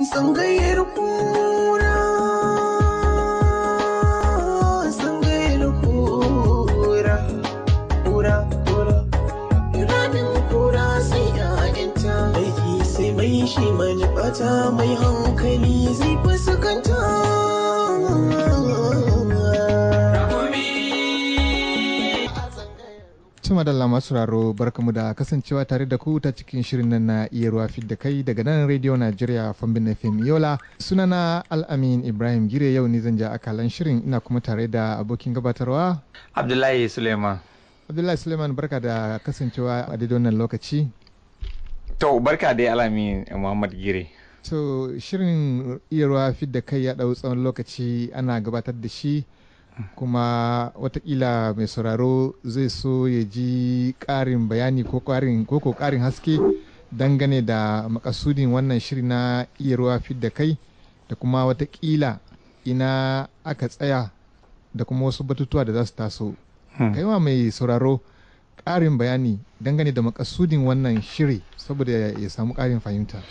Sangayar kura, sangayar kura, kura, kura. Ranin kura sai ‘ya'yanta, aiki sai mai shi manufata mai hankali zai Tuma Madalla masu raro barkamu da kasancewa tare da ku ta cikin shirin nan na iya ruwa fit da kai daga nan Radio Najeriya Fambin FM Yola. Sunana Al-Amin Ibrahim Gire yau ni zan ja akalan shirin ina kuma tare da abokin gabatarwa. Abdullahi Suleiman. Abdullahi Suleiman barka da kasancewa a daidai wannan lokaci. To barka dai Al-Amin Muhammad Gire. To shirin iya ruwa fit da kai ya ɗau tsawon lokaci ana gabatar da shi. kuma watakila mai sauraro zai so ya ji ƙarin bayani ko ko ƙarin haske dangane da makasudin wannan shiri na iya ruwa da kai da kuma watakila ina aka tsaya da kuma wasu batutuwa da za su taso hmm. kaiwa mai sauraro ƙarin bayani dangane da makasudin wannan shiri saboda ya samu ƙarin fahimta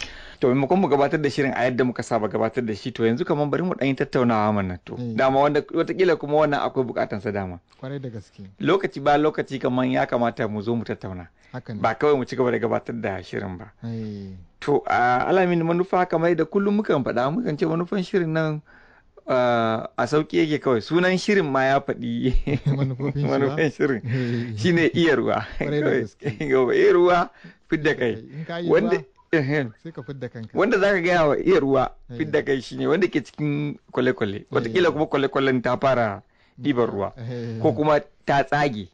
to maimakon mu gabatar da shirin a yadda muka saba gabatar da shi to yanzu kamar bari mu ɗanyi tattaunawa mana to eh. dama wanda watakila kuma wannan akwai bukatansa dama kwarai da gaske lokaci ba lokaci kamar ya kamata mu zo mu tattauna ba kawai mu ci gaba da gabatar da shirin ba eh. to a alamin manufa kamar da kullum mukan faɗa mukan ce manufan shirin nan a sauki yake kawai sunan shirin ma ya faɗi manufan shirin eh. shine iya ruwa iya ruwa fidda kai wanda Wanda za ka gaya wa iya ruwa eh. da kai ne wanda ke cikin kwale-kwale eh. watakila kuma kwale-kwalen ta fara ɗiban ruwa eh. ko kuma ta tsage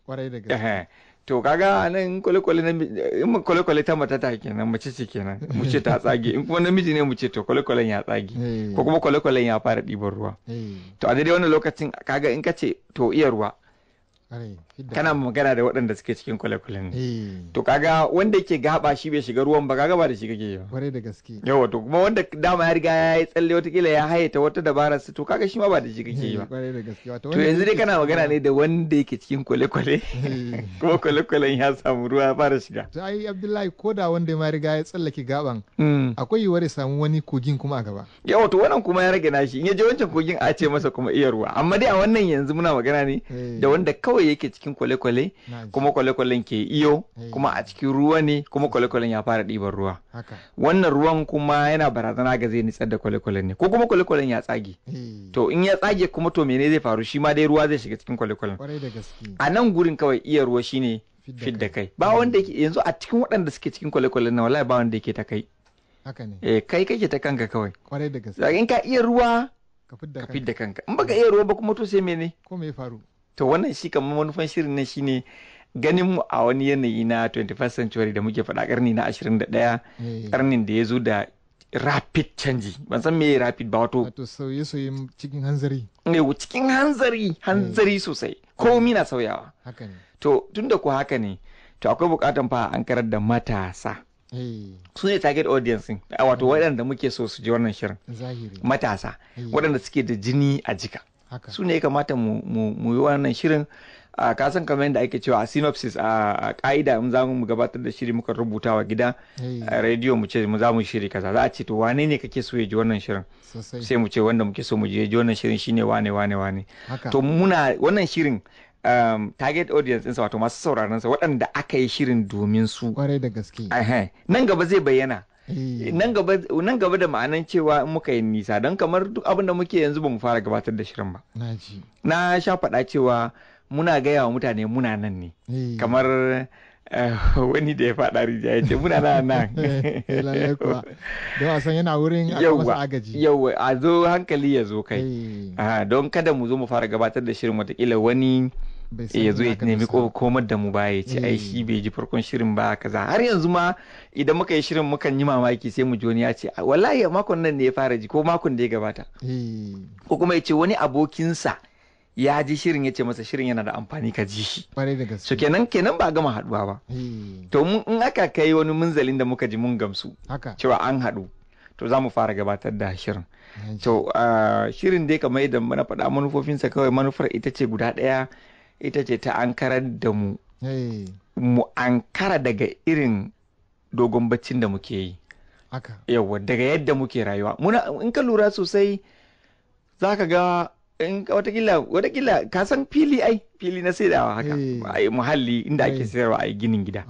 to kaga nan kwale-kwale kwale-kwale ta mata ta kenan mace ce kenan mu ce ta tsage in kuma namiji ne mu ce to kwale-kwalen ya tsage ko kuma kwale-kwalen ya fara ɗiban ruwa to a daidai wannan lokacin kaga in ka ce to iya ruwa kana magana da waɗanda suke cikin kwale-kwale ne eh. to kaga wanda yake gaba shi bai shiga ruwan ba kaga ba da shi kake ba da gaske yawa to kuma wanda dama ya riga ya yi tsalle watakila ya haye ta wata dabara. su to kaga shi ma ba da shi kake ba eh, da gaske to yanzu dai kana magana ne da wanda yake cikin kwale-kwale eh. kuma kwale-kwalen ya samu ruwa ya fara shiga to ai abdullahi ko da wanda ya riga ya tsallake gaban hmm. akwai yiwuwar ya samu wani kogin kuma a gaba yawa to wannan kuma ya rage nashi in ya je wancan kogin a ce masa kuma iya ruwa amma dai a wannan yanzu muna magana ne da wanda kawai yake cikin cikin kwale-kwale kuma kwale-kwalen ke iyo eh. kuma a cikin ruwa ne kuma kwale-kwalen ya fara ɗiban ruwa wannan ruwan kuma yana barazana ga zai nitsar da kwale-kwalen ne ko kuma kwale-kwalen ya tsage eh. to in ya tsage kuma to mene zai faru shi ma dai ruwa zai shiga cikin kwale-kwalen a nan gurin kawai iya ruwa shine fidda kai ba wanda hmm. yake yanzu a cikin waɗanda suke cikin kwale-kwalen na wallahi ba wanda yake ta kai haka ne eh kai kake ta kanka kawai kwarai da gaske in ka iya ruwa ka fidda kanka in baka iya ruwa ba kuma to sai mene ko me faru to wannan shi kamar manufan shirin nan shine ganin mu a wani yanayi na 21st century da muke faɗa karni na 21 karnin eh. da ya zo da rapid canji ban san meye rapid ba wato to sauye sauye cikin hanzari ne eh, cikin hanzari hanzari eh. sosai komi na sauyawa haka ne to tunda haka ne to akwai bukatan fa an karar da matasa su ne target audience wato waɗanda muke so su ji wannan shirin matasa waɗanda suke da jini a jika su ne ya kamata mu yi wannan shirin a kasan kamar yadda ake cewa a synopsis a ka'ida in za mu gabatar da shiri muka rubuta wa gida a rediyo mu ce mu za mu shiri kaza za a ce to wane ne kake so ya ji wannan shirin sai mu ce wanda muke so mu je ji wannan shirin shine wane wane wane to muna wannan shirin um, target audience ɗinsa wato masu sauraron sa waɗanda aka yi shirin domin su kwarai da gaske nan gaba zai bayyana Eh. nan gaba da ma'anan cewa in muka yi nisa don kamar duk abin da muke yanzu ba mu fara gabatar da shirin ba na sha faɗa cewa muna gaya wa mutane muna nan ne eh. kamar eh, wani da ya faɗa rija ya ce muna nan nan don a yana wurin a agaji a zo hankali ya zo kai ah, don kada mu zo mu fara gabatar da shirin watakila wani Eh, ya yazo ya nemi komar da mu baya ce ai shi bai ji farkon shirin ba kaza har yanzu ma idan muka yi shirin mukan yi mamaki sai mu ji wani ya ce wallahi makon nan ne ya fara ji ko makon da ya gabata eh. ko kuma ya ce wani abokinsa ya ji shirin ya ce masa shirin yana da amfani ka ji shi so kenan kenan ba gama haduwa ba eh. to in aka kai wani munzalin da muka ji mun gamsu cewa an haɗu to za mu fara gabatar da shirin to ah, shirin dai kamar idan mana faɗa manufofinsa kawai manufar ita ce guda ɗaya ita ce ta ankarar da mu mu ankara daga irin dogon baccin da muke yi yawa daga yadda muke rayuwa muna in ka lura sosai za ka ga in watakila watakila ka san fili ai fili na saidawa haka ai muhalli inda ake sayarwa ai ginin gida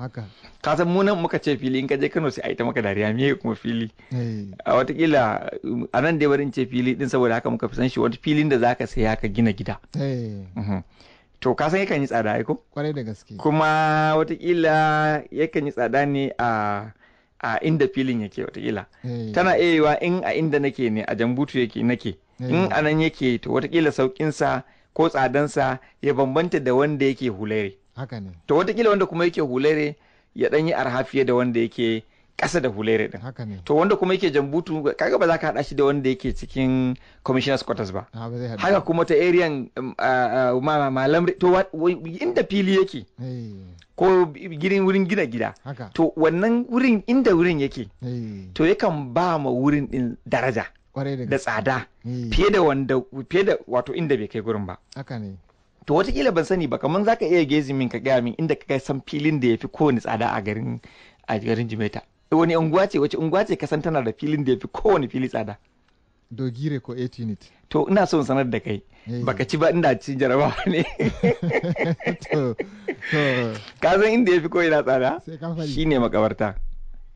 ka san mu nan muka ce fili in ka je Kano sai ai ta maka dariya me kuma fili a watakila a nan dai barin ce fili din saboda haka muka fi san shi wani filin da zaka sai haka gina gida mhm. to ka san yakan yi tsada ai kwarai da gaske kuma watakila yakan yi tsada ne a a inda filin yake watakila eh. tana iya in a inda nake ne a jambutu yake nake eh. in a nan yake to watakila sauƙinsa ko tsadansa ya bambanta da wanda yake hulere to watakila wanda kuma yake hulere ya ɗan yi arha fiye da wanda yake ƙasa da hulere din haka ne to wanda kuma yake jambutu kaga ba za ka hada shi da wanda yake cikin commissioner quarters ba haka kuma ta area um, malam to inda fili yake ko girin wurin gina gida to wannan wurin inda wurin yake to yakan ba ma wurin din daraja da tsada fiye da wanda fiye da wato inda bai kai gurin ba haka ne to watakila ban sani ba kamar zaka iya gezi min ka gaya min inda ka san filin da ya fi kowane tsada a garin a garin Jimeta wani unguwa ce wace unguwa ce kasan tana da filin da ya fi kowane fili tsada dogire ko 8 unit to ina son sanar da kai eh. baka ci ba ina ci jaraba ne ka san inda ya fi ko ina tsada shine makabarta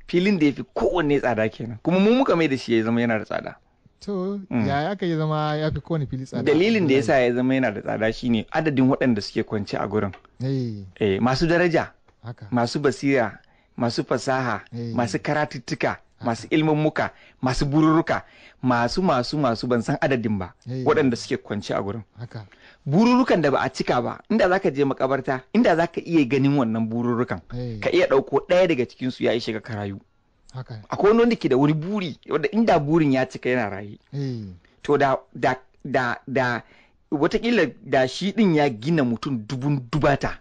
filin da ya fi kowanne tsada kenan kuma mu muka mai da shi ya zama yana da tsada to mm. ya aka ya zama ya fi kowane fili tsada dalilin da yasa ya zama yana da tsada shine adadin waɗanda suke kwance a gurin eh. Eh, masu daraja masu basira masu fasaha eh. masu karatuttuka masu ilmummuka masu bururuka masu masu masu ban san adadin ba eh. waɗanda suke kwance a gurin bururukan da ba a cika ba inda zaka je makabarta inda zaka iya ganin wannan bururukan eh. ka iya ɗauko ɗaya daga cikin su ya shiga ka rayu akwai wani wanda ke da wani buri wanda inda burin ya cika yana raye to da watakila da shi din ya gina mutum dubun dubata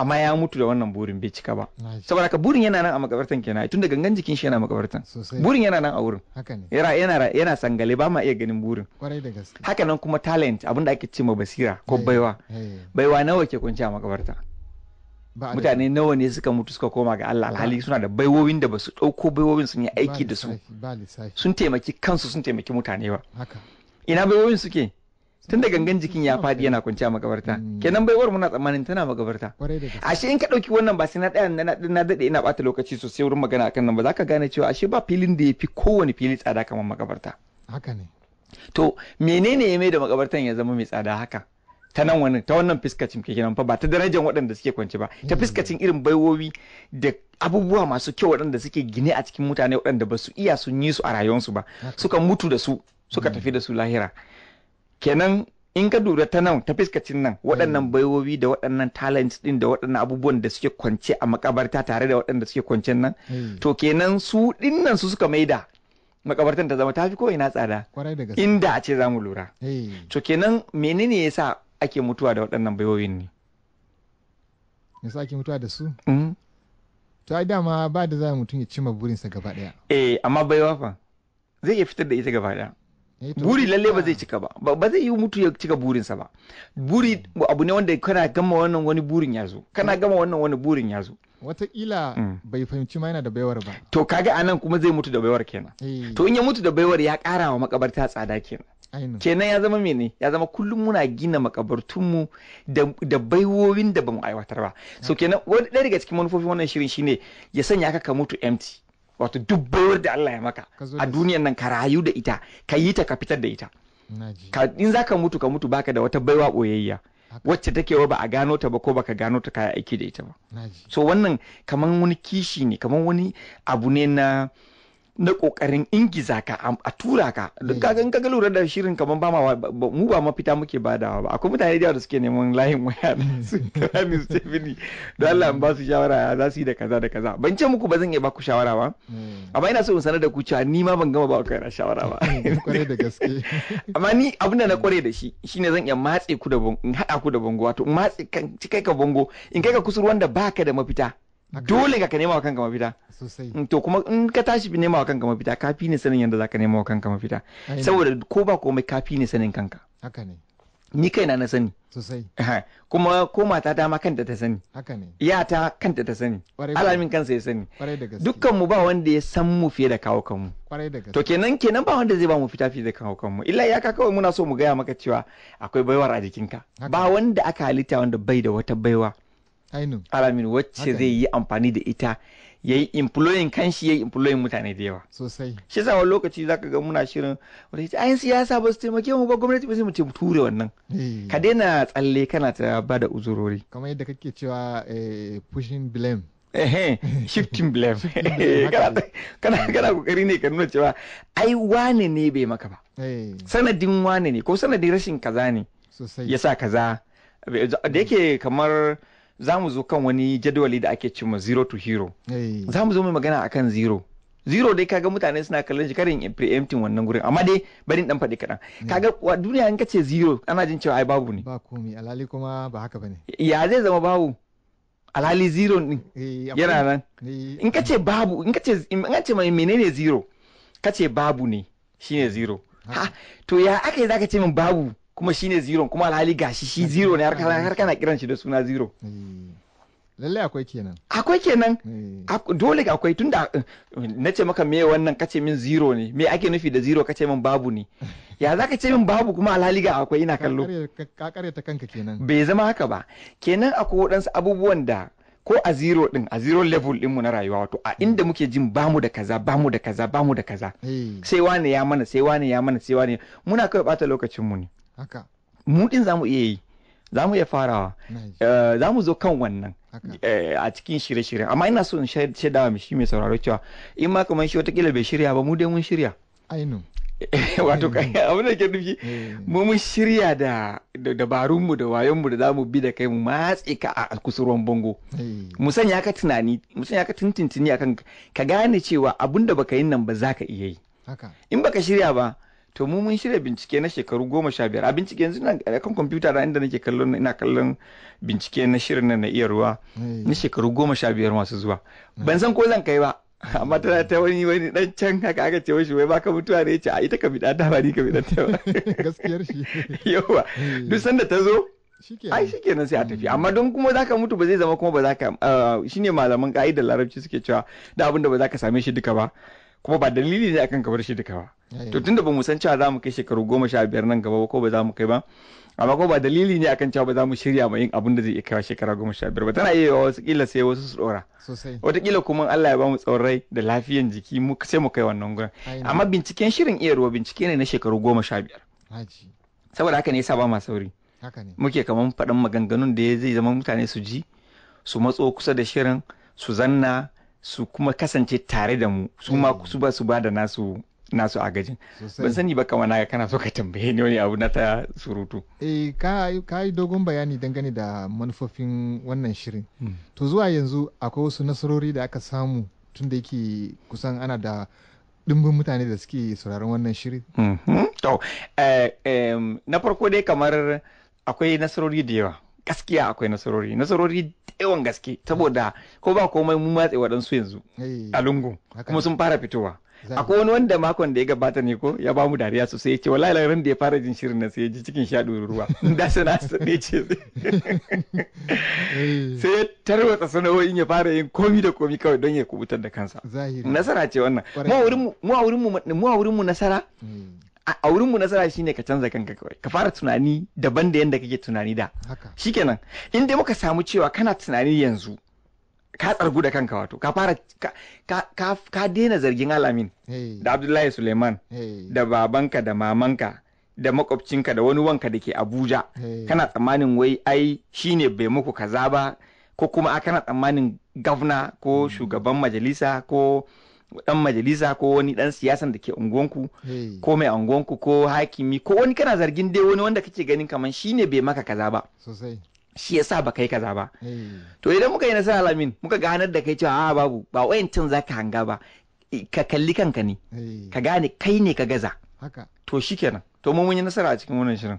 amma ya mutu da wannan burin bai cika ba saboda haka burin yana nan a makabartan kenan tun da gangan jikin shi yana makabartan burin yana nan a wurin yana yana yana sangale ba ma iya ganin burin haka nan kuma talent da ake ce ma basira ko baiwa baiwa nawa ke kunce a makabarta mutane nawa ne suka mutu suka koma ga Allah alhali suna da baiwowin da basu dauko baiwowin sun yi aiki da su sun taimaki kansu sun taimaki mutane ba ina baiwowin suke Tunda gangan jikin ya faɗi yana kwanciya makabarta hmm. kenan baiwar muna tsammanin tana makabarta ashe in ka dauki wannan ba sai na daya na dade ina ɓata lokaci sosai wurin magana akan nan ba za ka gane cewa ashe ba filin da ya fi kowane fili tsada kamar makabarta haka ne to menene ya mai da makabartan ya zama mai tsada haka ta nan wani ta wannan fiskacin ke nan fa ba ta darajar waɗanda suke kwance ba ta hmm. fiskacin irin baiwowi da abubuwa masu kyau waɗanda suke gine a cikin mutane waɗanda ba su iya sun yi su a rayuwarsu ba suka mutu da su suka hmm. tafi da su lahira kenan in ka dura ta nan ta fiskacin nan hmm. waɗannan baiwobi da waɗannan talents ɗin da waɗannan abubuwan da suke kwance a makabarta tare da waɗanda suke kwancen nan hmm. to kenan su ɗinnan su suka maida makabartan ta zama ta fi ina tsada inda a ce za mu lura to kenan menene yasa ake mutuwa da waɗannan baiwobin ne yasa ake mutuwa da su hmm. to ai dama ba da za mutum ya cimma burinsa gaba ɗaya eh amma baiwa fa zai iya fitar da ita gaba ɗaya Eh buri lalle ba zai cika ba ba zai yi mutu ya cika burinsa ba buri abu ne wanda kana gama wannan wani burin ya zo kana gama wannan wani burin ya zo watakila mm. bai fahimci ma yana da baiwar ba to kaga anan kuma zai mutu da baiwar kenan eh. to in ya mutu da baiwar ya kara wa makabarta tsada kenan kenan ya zama mene ya zama kullum muna gina makabartunmu da baiwowin da bamu aiwatar ba so kenan wani daga cikin manufofin wannan shirin shine ya sanya ka ka mutu empty wato duk bayar da Allah ya maka a duniyan nan ka rayu da ita ka yi ta ka fitar da ita ka in zaka mutu ka mutu baka da wata baiwa boyayya wacce take wa ba a gano ta ba ko baka gano ta kaya aiki da ita ba so wannan kaman wani kishi ne kaman wani abu ne na na kokarin ingiza ka a tura ka duk mm. kaga in ka lura da shirin kaman ba ma mu ba mafita muke badawa ba akwai mutane da da suke neman layin waya da su kira ni su don Allah in ba su shawara ya za su yi da kaza da kaza ban ce muku ba zan iya ba ku shawara ba mm. amma ina so in sanar da ku cewa ni ma ban gama ba kai na shawara ba mm, kware da gaske amma ni abin da na kware da shi shine zan iya matse ku da in haɗa ku da bango wato in matse kai ka bango in kai ka kusurwan da baka da mafita dole ka nema wa kanka mafita mm, to kuma in ka tashi nema wa kanka mafita kafi ne sanin yadda zaka nema wa kanka mafita saboda ko ba komai kafi ne sanin kanka haka ne ni kaina na sani sosai kuma ko mata dama kanta ta sani haka ne kanta ta sani alamin kansa ya sani dukkan mu ba wanda ya san mu fiye da kawo kanmu to kenan kenan ba wanda zai ba mu fita fiye da kawo kanmu illa ya ka kawai muna so mu gaya maka cewa akwai baiwar a jikinka ba wanda aka halitta wanda bai da wata baiwa alamin wacce zai yi amfani da ita ya yi employin kanshi ya yi employin mutane da yawa sosai shi sa wani lokaci zaka ga muna shirin wanda yace ayin siyasa ba su taimake mu ba gwamnati ba sai mu ture wannan eh. ka daina tsalle kana ta ba da uzurori kamar yadda kake cewa eh, pushing blame eh shifting blame kana kana kokari ne ka nuna cewa ai wane ne bai maka ba eh. sanadin wane ne ko sanadin rashin kaza ne ya sa kaza da yake kamar za mu zo kan wani jadawali da ake cimma zero to hero za mu zo mai magana akan zero zero dai kaga mutane suna kallon shi karin preempting wannan gurin amma dai barin dan faɗi kaɗan kaga wa duniya in kace zero ana jin cewa ai babu ne ba komai alali kuma ba haka bane ya zai zama babu Al'ali zero din eh, yana nan eh. in kace babu in kace in kace mai menene zero kace babu ne shine zero ha to ya aka yi zaka ce min babu kuma shine zero kuma alhali gashi shi zero ne har kana kiran shi da suna zero eh, lallai akwai kenan akwai kenan eh. dole akwai tunda eh, na ce maka me wannan kace min zero ne me ake nufi da zero kace min babu ne ya za ka ce min babu kuma alhali ga akwai ina kallo ka kare ta kanka kenan bai zama haka ba kenan akwai waɗansu abubuwan da ko a zero din a zero level din mu na rayuwa wato a inda muke jin bamu da kaza bamu da kaza bamu da kaza sai wane ya mana sai wane ya mana sai wane muna kawai bata lokacin mu ne mu din za mu iya yi za mu iya farawa eh, za mu zo kan wannan eh, a cikin shirye-shirye amma ina so in shaida shi mai sauraro cewa in ma kamar shi watakila bai shirya ba mu dai mun shirya ainu eh, wato abin da ke nufi mu mun shirya da mu da mu da za mu bi da kai mu matse ka a kusurwan bango mu sanya ka tunani mu sanya ka tuntuntuni akan ka gane cewa abin da baka yin nan ba za ka iya yi in baka shirya ba to mu mun shirya bincike na shekaru goma sha biyar a bincike yanzu na kan kwamfuta da inda nake kallon ina kallon bincike na shirin nan na iya ruwa na shekaru goma sha biyar masu zuwa ban san ko zan kai ba amma tana ta wani wani dan can haka aka ce mishi wai baka mutuwa ne ce a ita ka bi da ba ni ka da ta ba gaskiyar shi yawa duk sanda ta zo ai shikenan sai a tafi hmm. amma don kuma za ka mutu ba zai zama kuma ba za uh, Shi shine malaman ka'idar larabci suke cewa da abin da ba ka same shi duka ba kuma ba dalili ne akan ka bar shi duka ba to tunda ba mu san cewa za mu kai shekaru goma sha biyar nan gaba ko ba za mu kai ba amma kuma ba dalili ne akan cewa ba za mu shirya ma yin abin da zai iya kawo shekara goma sha biyar ba tana iya yawa wasu kila sai wasu su dora wataƙila kuma Allah ya ba mu tsaurai da lafiyan jiki mu sai mu kai wannan gurin amma binciken shirin iya ruwa bincike ne na shekaru goma sha biyar saboda haka ne yasa ba ma sauri muke kaman faɗin maganganun da zai zama mutane su ji su matso kusa da shirin su zanna su kuma kasance tare da mu su ma mm. su ba su ba da nasu nasu agajin ban sani ba na naga kana so ka tambaye ni wani abu na ta surutu eh ka yi dogon bayani dangane da manufofin wannan shirin mm. to zuwa yanzu akwai wasu nasarori da aka samu tun da yake kusan ana da dimbin mutane da suke sauraron wannan shirin mm-hmm. to eh, na farko dai kamar akwai nasarori da yawa gaskiya akwai nasarori nasarori yawan gaske saboda ko ba komai mun matse waɗansu yanzu eh, a lungu kuma sun fara fitowa akwai wani wanda makon da ya gabata ne ko ya ba mu dariya sosai ya ce wallahi lagarin da ya fara jin shirin nan sai ya ji cikin sha ruwa da sana ne ce eh. sai ya tarwatsa sana'o'in ya fara yin komi da komi kawai don ya kubutar da kansa nasara ce wannan mu a wurin mu nasara hmm. a wurin mu nasara shine ka canza kanka kawai ka fara tunani daban da yanda kake tunani da shikenan in dai muka samu cewa kana tunani yanzu ka tsargu da kanka wato ka fara ka daina zargin alamin da Abdullahi Suleiman da babanka da mamanka da makwabcinka da wani wanka da ke Abuja kana tsammanin wai ai shine bai muku kaza ba ko kuma kana tsammanin gavna ko hmm. shugaban majalisa ko Ɗan majalisa ko wani ɗan siyasan da ke unguwanku ko mai unguwanku ko hakimi ko wani kana zargin dai wani wanda kake ganin kaman shine bai maka kaza ba Shi shi yasa ba kai kaza ba to idan muka yi nasara alamin muka ganar da kai cewa a babu ba za zaka hanga ba e, ka kalli kanka ne ka gane kai ne ka gaza haka to shikenan to mun yi nasara a cikin wannan shirin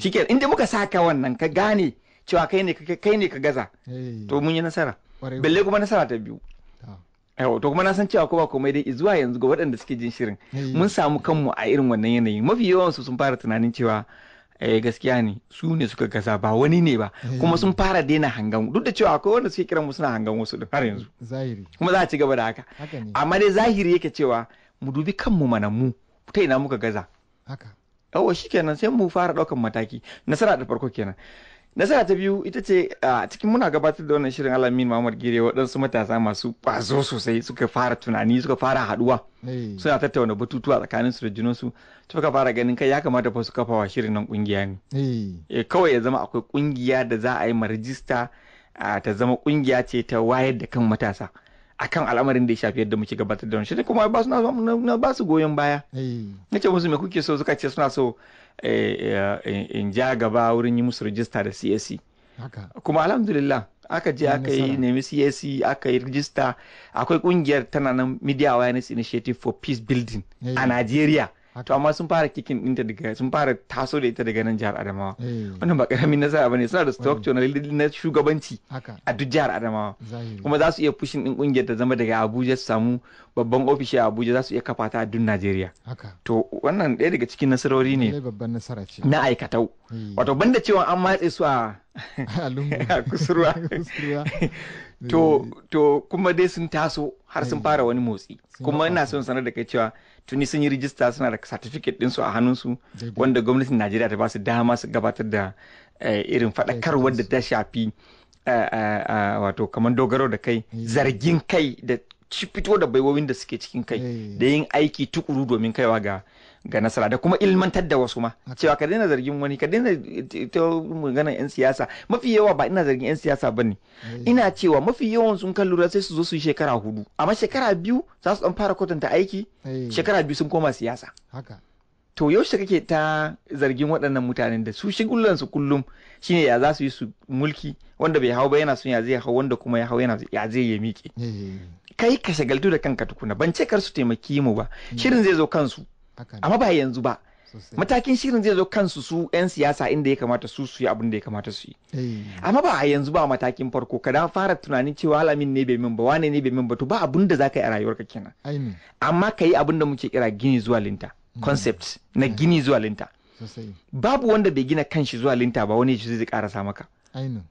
shikenan inda muka saka wannan ka gane cewa kai ne ka gaza to mun yi nasara balle kuma nasara ta biyu yau to kuma na san cewa ko ba komai dai zuwa yanzu ga waɗanda suke jin shirin mun samu kanmu a irin wannan yanayin mafi yawan su sun fara tunanin cewa eh gaskiya ne su ne suka gaza ba wani ne ba kuma sun fara daina hangan duk da cewa akwai wanda suke kiran mu suna hangan wasu har yanzu zahiri kuma za a ci gaba da haka amma dai zahiri yake cewa mu dubi kanmu mana mu ta ina muka gaza haka yawa shikenan sai mu fara ɗaukan mataki nasara da farko kenan Nasara ta biyu ita ce a cikin muna gabatar da wannan shirin Alamin Muhammad Gire waɗansu matasa masu ƙwazo sosai suka fara tunani suka fara haɗuwa suna tattauna batutuwa tsakanin su da junan su suka fara ganin kai ya kamata fa su kafa wa shirin nan kungiya ne. Eh, kawai ya zama akwai kungiya da za a yi ma rajista ta zama kungiya ce ta wayar da kan matasa. akan al'amarin da ya shafi yadda muke gabatar da wani shirin kuma ba su na ba su goyon baya. Na ce musu me kuke so suka ce suna so Eh, eh, eh, in ja gaba wurin yi musu rijista da CAC. E. Kuma alhamdulillah aka je aka yi nemi CAC e, aka yi rijista akwai kungiyar tana nan Media Awareness Initiative for Peace Building a Najeriya. to amma sun fara kikin ɗinta daga sun fara taso da ita daga nan jihar Adamawa eh. wannan ba karamin nasara bane suna da structure na na shugabanci a duk jihar Adamawa kuma za su iya pushing din kungiyar ta zama daga Abuja su samu babban ofishi a Abuja za su iya kafa ta a duk Najeriya to wannan ɗaya daga cikin nasarori ne na aikatau eh. wato banda cewa an matse su a kusurwa to eh. to kuma dai sun taso har sun eh. fara wani motsi kuma ina son sanar da kai cewa tuni sun yi rijista suna da certificate ɗinsu a hannunsu wanda gwamnatin najeriya ta ba su dama su gabatar da eh, irin faɗakarwar da ta shafi wato kamar dogaro da kai zargin kai da fito da baiwowin da suke cikin kai da yin aiki tukuru domin kaiwa ga ga nasara da kuma ilmantar da wasu ma cewa ka daina zargin wani ka daina ta magana yan siyasa mafi yawa ba ina zargin yan siyasa ba ne. Eh. ina cewa mafi yawan sun kan lura sai su zo su yi shekara hudu amma shekara biyu za su dan fara kwatanta aiki eh. shekara biyu sun koma siyasa haka to yaushe kake ta zargin waɗannan mutanen da su shigullan su kullum shine ya za su yi su mulki wanda bai hau ba yana son ya zai hau wanda kuma ya hau yana ya zai ya miƙe eh. kai ka shagaltu da kanka tukuna ban ce kar su taimaki mu ba hmm. shirin zai zo kansu amma ba yanzu ba matakin shirin zai zo kansu su 'yan siyasa inda ya kamata su su yi abin da ya kamata su yi eh. amma ba a yanzu ba matakin farko ka da fara tunanin cewa alamin ne bai min ba wane ne bai min ba to ba abin da zaka yi a rayuwarka kenan amma ka yi abin da muke kira gini zuwa linta mm. concept na mm. gini zuwa linta babu wanda bai gina kanshi zuwa linta ba wani shi zai karasa maka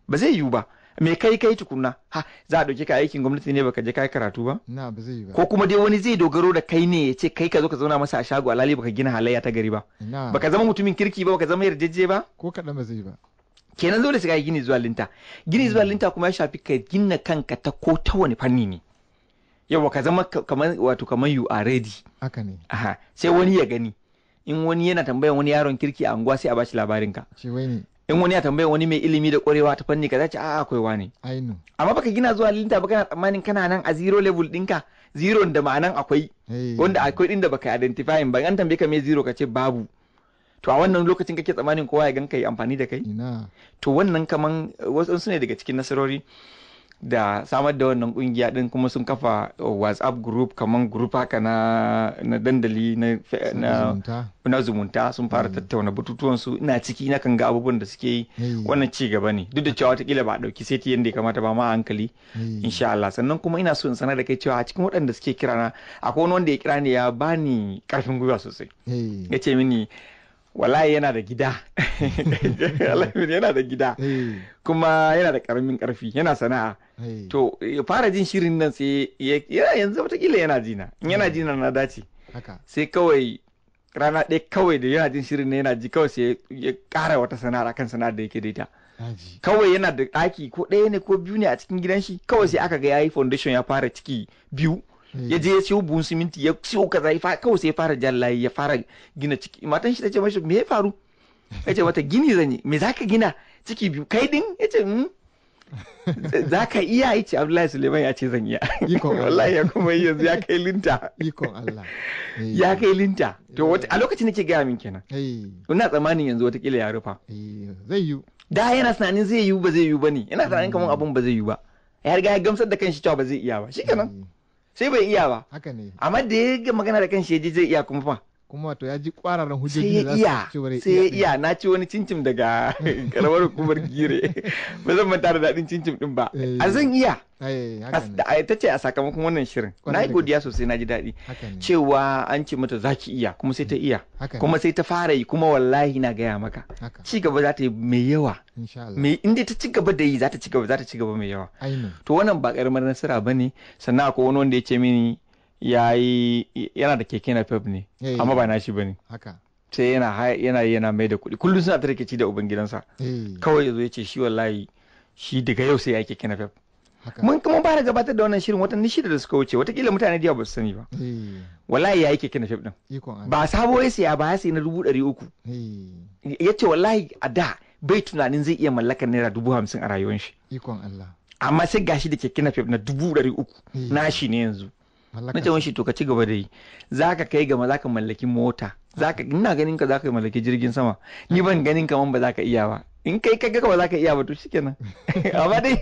ba zai yiwu ba me kai kai tukuna ha za a dauke ka aikin gwamnati ne baka je kai karatu ba na ba zai ba ko kuma dai wani zai dogaro da kai ne ya ce kai ka zo ka zauna masa a shago alali baka gina halayya ta gari ba baka zama mutumin kirki ba baka zama yarjeje ba ko kadan ba zai ba kenan zo da shiga gini zuwa linta gini zuwa hmm. linta kuma ya shafi ka gina kanka ta ko ta wani fanni ne yawa ka zama kamar wato kamar you are ready haka ne aha sai wani ya gani in wani yana tambayan wani yaron kirki a unguwa sai a bashi labarin ka in wani ya tambaya wani mai ilimi da kwarewa ta fanni ka ce a'a akwai wani amma baka gina zuwa linta ba kana tsammanin kana nan a zero level ɗinka zero da ma'anan akwai wanda akwai din da baka identify ba an tambaye ka mai zero ka ce babu to a wannan lokacin kake tsammanin kowa ya ka yi amfani da kai to wannan kaman wasu ne daga cikin nasarori da samar da wannan kungiya din kuma sun kafa oh, whatsapp group kamar group haka na dandali na zumunta sun fara mm. tattauna batutuwan su ina ciki na kan ga abubuwan da suke yi wannan ci gaba ne duk da cewa watakila ba a dauki seti yadda ya kamata ba ma hankali insha Allah sannan kuma ina so in sanar da kai cewa a cikin waɗanda suke kirana akwai wani wanda ya kira ni ya bani karfin gwiwa sosai ya ce mini wallahi yana da gida yana da gida eh. kuma yana da karamin karfi yana sana'a eh. to fara jin shirin nan sai yanzu watakila yana jina yana eh. jina na dace sai kawai rana ɗaya kawai da yana jin shirin yana ji kawai sai ya ƙara wata sana'ar kan sana'a da yake daita kawai yana da ɗaki ko ɗaya ne ko biyu ne a cikin gidan shi kawai sai aka ga yayi foundation ya fara ciki biyu ya je ya siyo buhun siminti ya siyo kaza ya kawai sai ya fara jallaye ya fara gina ciki matan shi ta ce mashi me ya faru ya ce mata gini zan yi me za ka gina ciki biyu kai din ya ce hmm. za ka iya ya ce abdullahi suleiman ya ce zan iya wallahi ya kuma yi yanzu ya kai linta ya kai linta to eh. a lokacin nake gaya min kenan eh. ina tsammanin yanzu watakila ya rufa eh, zai yi da yana tunanin zai yiwu ba zai yiwu ba ne yana tunanin kamar hmm. abun ba zai yiwu ba ya riga ya gamsar da kanshi cewa ba zai iya ba shikenan sai bai iya ba haka amma da ya ga magana da kan yaji zai iya kuma fa kuma to ya ji kwararren hujjoji da za su iya sai iya na ci wani cincin daga karamar hukumar gire ba zan manta da daɗin cincin din ba eh. a zan iya ta ce a sakamakon wannan shirin na yi godiya sosai na ji daɗi cewa an ce mata za ki iya kuma sai ta mm. iya kuma sai ta fara yi kuma wallahi na gaya maka ci gaba za ta yi mai yawa mai inda ta ci gaba da yi za ta ci gaba za ta ci gaba mai yawa to wannan ba karamar nasara ba ne sannan akwai wani wanda ya ce mini ya yi yana da keke na pep ne eh, amma ba nashi ba ne sai yana yana yana mai da kuɗi kullum suna ta da da gidansa eh. kawai ya ya ce shi wallahi shi daga yau sai ya keke na pep mun kuma ba gabatar da wannan shirin watanni shida da suka wuce watakila mutane da ba su sani ba eh. wallahi ya yi keke na pep din ba sabo ya siya ba ya sai na dubu ɗari uku ya ce wallahi a da bai tunanin zai iya mallakar naira dubu hamsin a rayuwar shi ikon Allah amma sai gashi da keke na pep na dubu ɗari uku nashi ne yanzu na ce shi to ka ci gaba da yi zaka kai gama zaka mallaki mota zaka ina ganin ka zaka mallaki jirgin sama ni ban ganin kaman ba zaka iya ba in kai kaga ba zaka iya ba to shikenan amma dai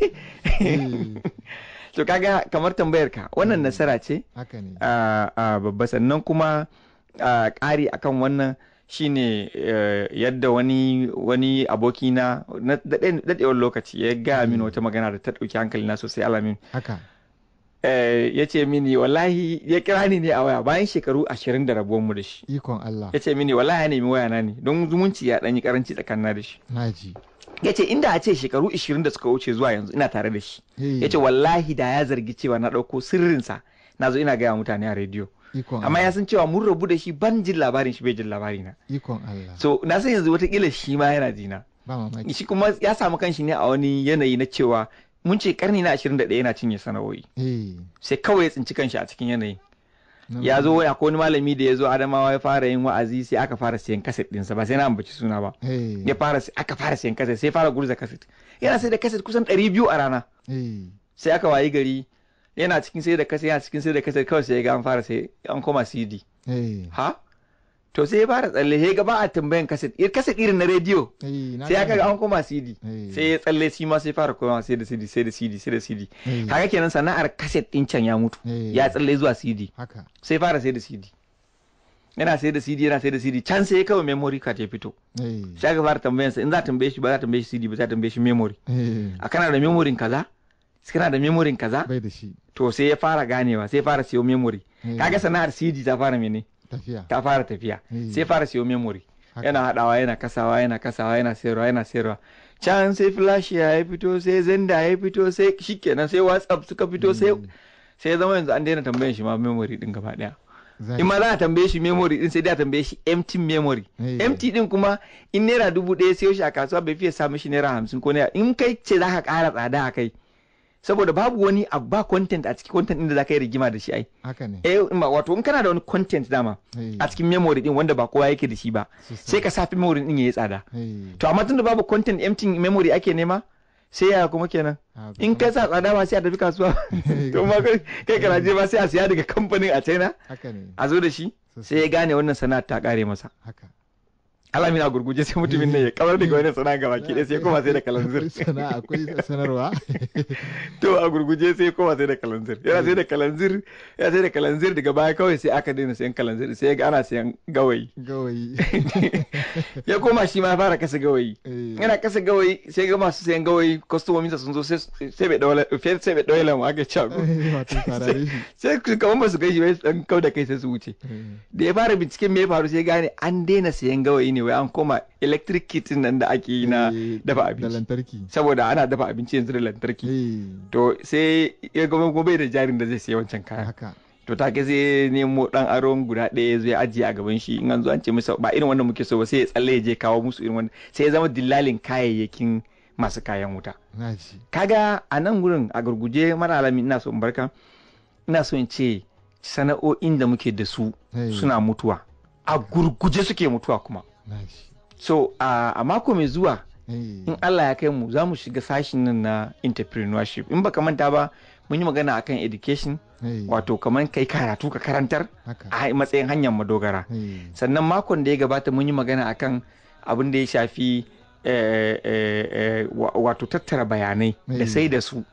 eh. to kaga kamar tambayar ka wannan hmm. nasara ce a babba sannan kuma ƙari akan wannan shine eh, yadda wani wani aboki na daɗewar lokaci ya gaya min hmm. wata magana da ta ɗauki hankali na sosai alamin haka Eh, ya ce mini wallahi ya kira ni ne a waya bayan shekaru ashirin da rabuwan mu da shi ikon Allah ya ce mini wallahi ya nemi waya na ne don zumunci ya ɗanyi karanci tsakanin da shi naji ya ce inda a ce shekaru ashirin da suka wuce zuwa yanzu ina tare da shi ya ce wallahi da ya zargi cewa na ɗauko sirrinsa na zo ina gaya mutane a rediyo amma ya san cewa mun rabu da shi ban jin labarin shi bai jin labari na ikon Allah so na san yanzu watakila shi ma yana jina shi kuma ya samu kanshi ne a wani yanayi na cewa mun ce karni na 21 yana cinye sana'o'i eh. sai kawai ya tsinci kanshi a cikin yanayi ya zo waya ko malami da ya zo adamawa ya fara yin wa'azi sai aka fara siyan kaset dinsa ba sai na ambaci suna ba eh. ya fara aka fara siyan kaset sai fara gurza kaset yana sai da kaset kusan 200 a rana eh. sai aka wayi gari yana cikin sai da kaset yana cikin sai da kaset kawai sai ya ga an fara sai an koma cd ha to sai ya fara tsalle sai ga ba a tambayan kaset ir kaset irin na rediyo eh, sai aka ga an koma CD eh. sai ya tsalle shi ma sai fara koma sai da CD sai da CD sai da CD eh. Haka kenan sana'ar kaset din can ya mutu ya tsalle zuwa CD sai fara sai da CD yana sai da CD yana sai da CD can sai kawai memory card ya fito sai aka fara tambayan sa in za tambaye shi ba za tambaye shi CD ba za tambaye shi memory a kana da memory kaza kana da memory kaza bai da shi to sai ya fara ganewa sai fara siyo memory kaga sana'ar CD ta fara mene ta fara tafiya eh. sai fara siyo memory yana hadawa yana kasawa yana kasawa yana sayarwa yana sayarwa can sai flash ya fito sai zenda ya fito sai shikenan sai whatsapp suka fito sai hmm. sai zama yanzu an daina tambayan shi ma memory din gaba daya in ma za a tambaye shi memory din sai dai a tambaye shi empty memory eh. empty din kuma in naira dubu daya sai shi a kasuwa bai fiye sa mishi naira hamsin ko naira in kai ce za ka ƙara tsada a kai saboda babu wani ba content a cikin content din da zaka yi rigima da shi ai haka ne eh wato in kana da wani content dama a cikin memory din wanda ba kowa yake da shi ba sai ka safi memory din yayi tsada to amma tunda babu content empty memory ake nema sai ya kuma kenan in ka sa tsada ba sai a tafi kasuwa to ma kai kana je ba sai a siya daga kamfanin a China a zo da shi sai ya gane wannan sana'a ta kare masa mina gurguje sai mutumin nan ya kawar daga wani sana gaba baki sai kuma sai da kalanzir sana akwai sanarwa to a gurguje sai kuma sai da kalanzir yana sai da kalanzir yana sai da kalanzir daga baya kawai sai aka daina sayan kalanzir sai ga ana sayan gawayi gawayi ya koma shi ma fara kasa gawayi eh. yana kasa gawayi sai ga masu sayan gawayi kwastomomin sun zo sai bai daula sai bai daula mu aka cago sai kamar ba su gaji bai dan kauda kai sai su wuce eh. da ya fara binciken me ya faru sai gane an daina sayan gawayi ne wai an koma electric kit nan da ake yi na eh, dafa abinci. Saboda ana dafa abinci yanzu da lantarki. Eh. To sai ya gama gobe da jarin da zai sai wancan kayan. To ta ke sai nemo dan aron guda ɗaya zai ajiye a gaban shi in an zo an ce masa ba irin wannan muke so ba sai ya tsalle ya je kawo musu irin wannan sai ya zama dillalin kayayyakin masu kayan wuta. Kaga a nan gurin a gurguje mara alami ina so in barka ina so in ce sana'o'in da muke da su suna mutuwa a gurguje suke mutuwa kuma. so a mako mai zuwa eh. in Allah ya kai mu za mu shiga sashin nan na entrepreneurship in baka manta ba mun yi magana akan education eh. wato kamar kai karatu ka karantar a matsayin hanyar madogara eh. sannan makon da ya gabata mun yi magana akan abin da ya shafi wato tattara bayanai da sai da su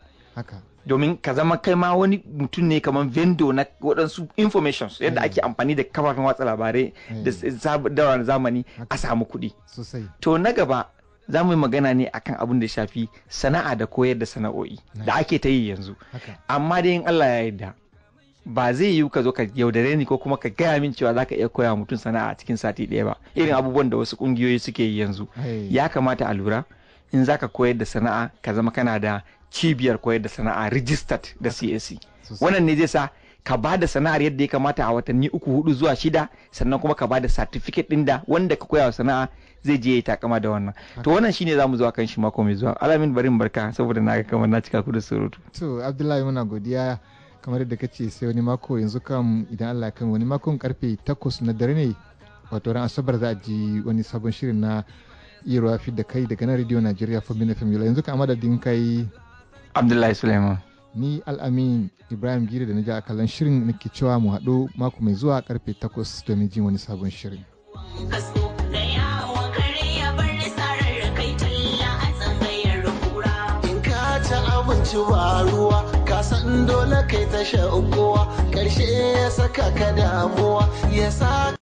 domin ka zama kai ma wani mutum ne kamar vendo na waɗansu information yadda hmm. ake amfani da kafafen watsa labarai da hmm. zamani a samu kuɗi to na gaba za mu yi magana ne akan abin da shafi sana'a da koyar da sana'o'i hmm. da ake ta yi yanzu amma dai in Allah ya yarda ba zai yiwu ka zo ka yaudare ni ko kuma ka gaya min cewa za ka iya koya mutum sana'a cikin sati ɗaya ba irin abubuwan da wasu ƙungiyoyi suke yi yanzu ya kamata a lura in za ka koyar da sana'a ka zama kana da cibiyar koyar da sana'a registered da CAC wannan ne zai sa ka ba da sana'ar yadda ya kamata a watanni uku hudu zuwa shida sannan kuma ka ba da certificate din da wanda ka koya wa sana'a zai je ya takama da wannan to wannan shine zamu zuwa kan shi mako mai zuwa alamin barin barka saboda na ga kamar na cika ku da surutu to abdullahi muna godiya kamar yadda kace sai wani mako yanzu kan idan Allah ya wani makon karfe 8 na dare ne wato ran asabar za a ji wani sabon shirin na iya fi da kai daga nan rediyo Najeriya for FM yanzu ka amadadin kai Abdullahi Suleiman. Ni Al'amin Ibrahim Giri da na Naja kallon shirin nake cewa mu haɗu mako mai zuwa karfe takwas domin jin wani sabon shirin. ci ba ruwa ka san dole kai ta sha kowa karshe ya saka ka damuwa ya sa